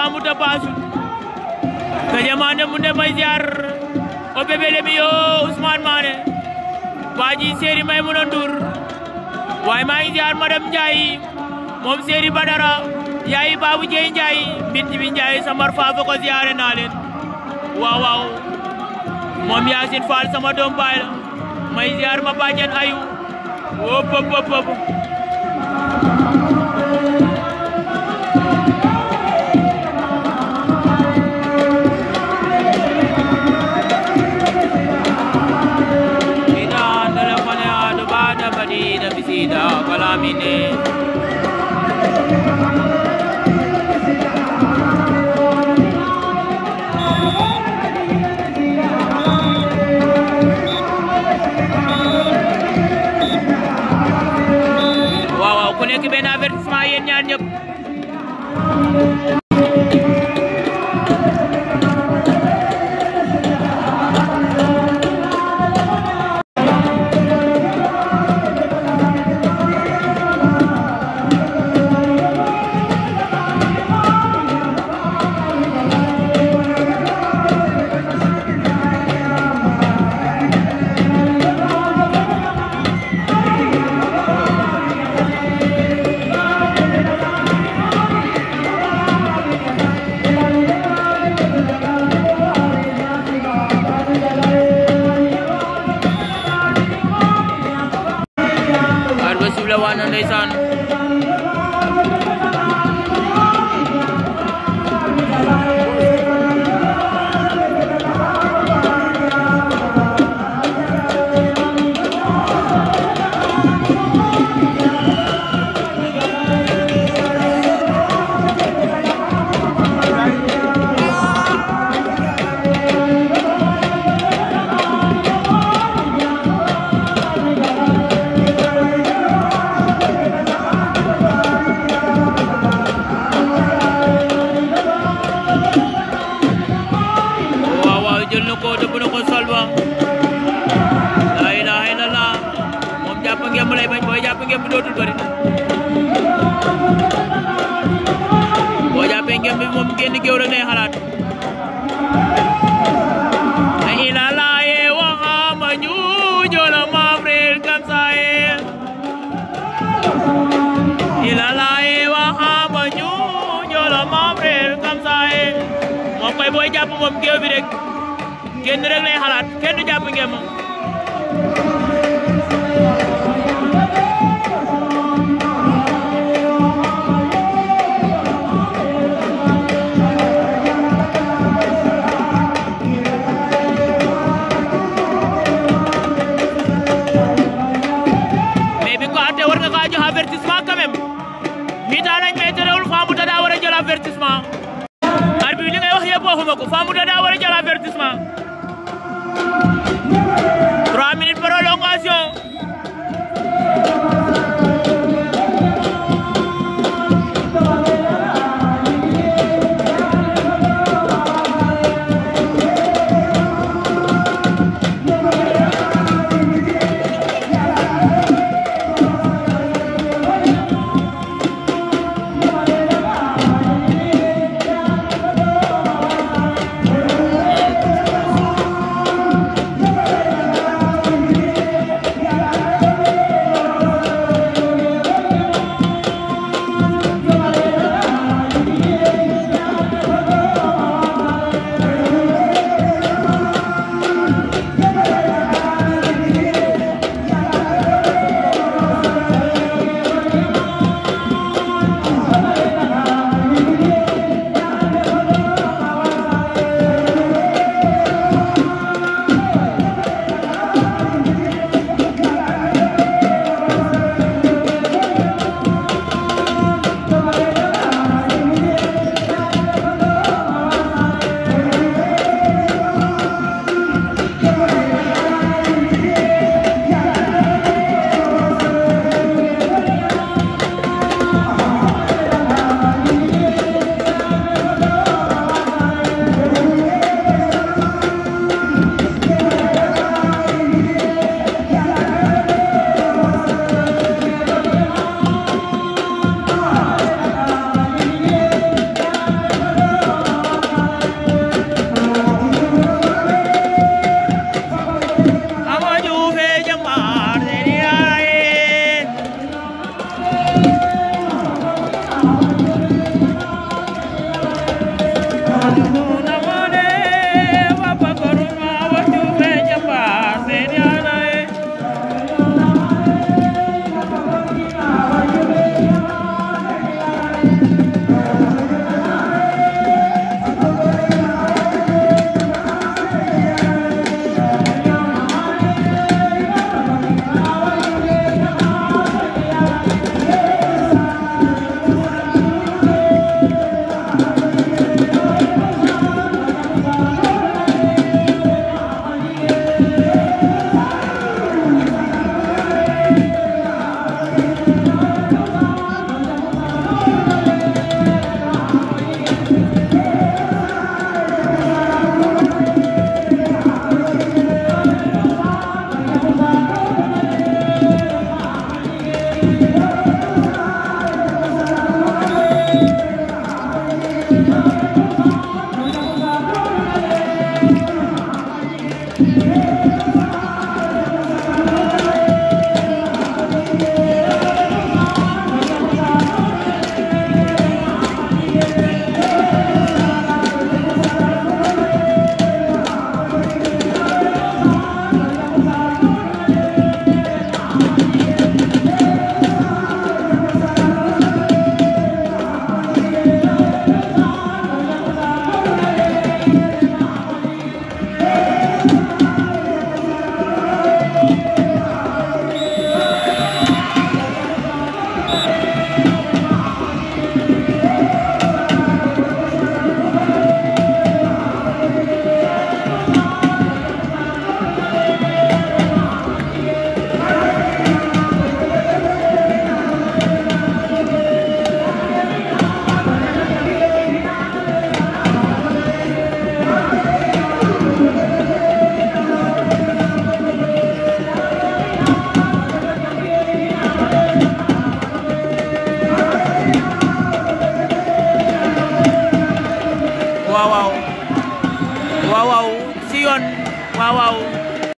faamu ta baasu gaja mu ne may ziar o bebele mi yo Ousmane Mané baaji Seri Maimouna Ndour waaye maa ngi ziar madame Ndiaye moom Seri Badara yaay Babou Dieye Ndiaye binti bi Ndiaye samar faafa ko ziare naa leen waaw moom Yacine Fall sama doom baay la may ziar ma bàjjen ayu wop pop pop avertissement yéen ñaar ñëpp bëri boo jàppee ngeen bi moom génn géew la ngay xalaat mooy booy jàpp moom géew bi rek kenn rek lay xalaat kenn ngeen moom avertissement quand même mi-temps lañ may terewul Fambouta daa war a jël avertissement. arbitre bi li ngay wax yëpp waxuma ko Fambouta daa war a jël avertissement. 3 minutes prolongation.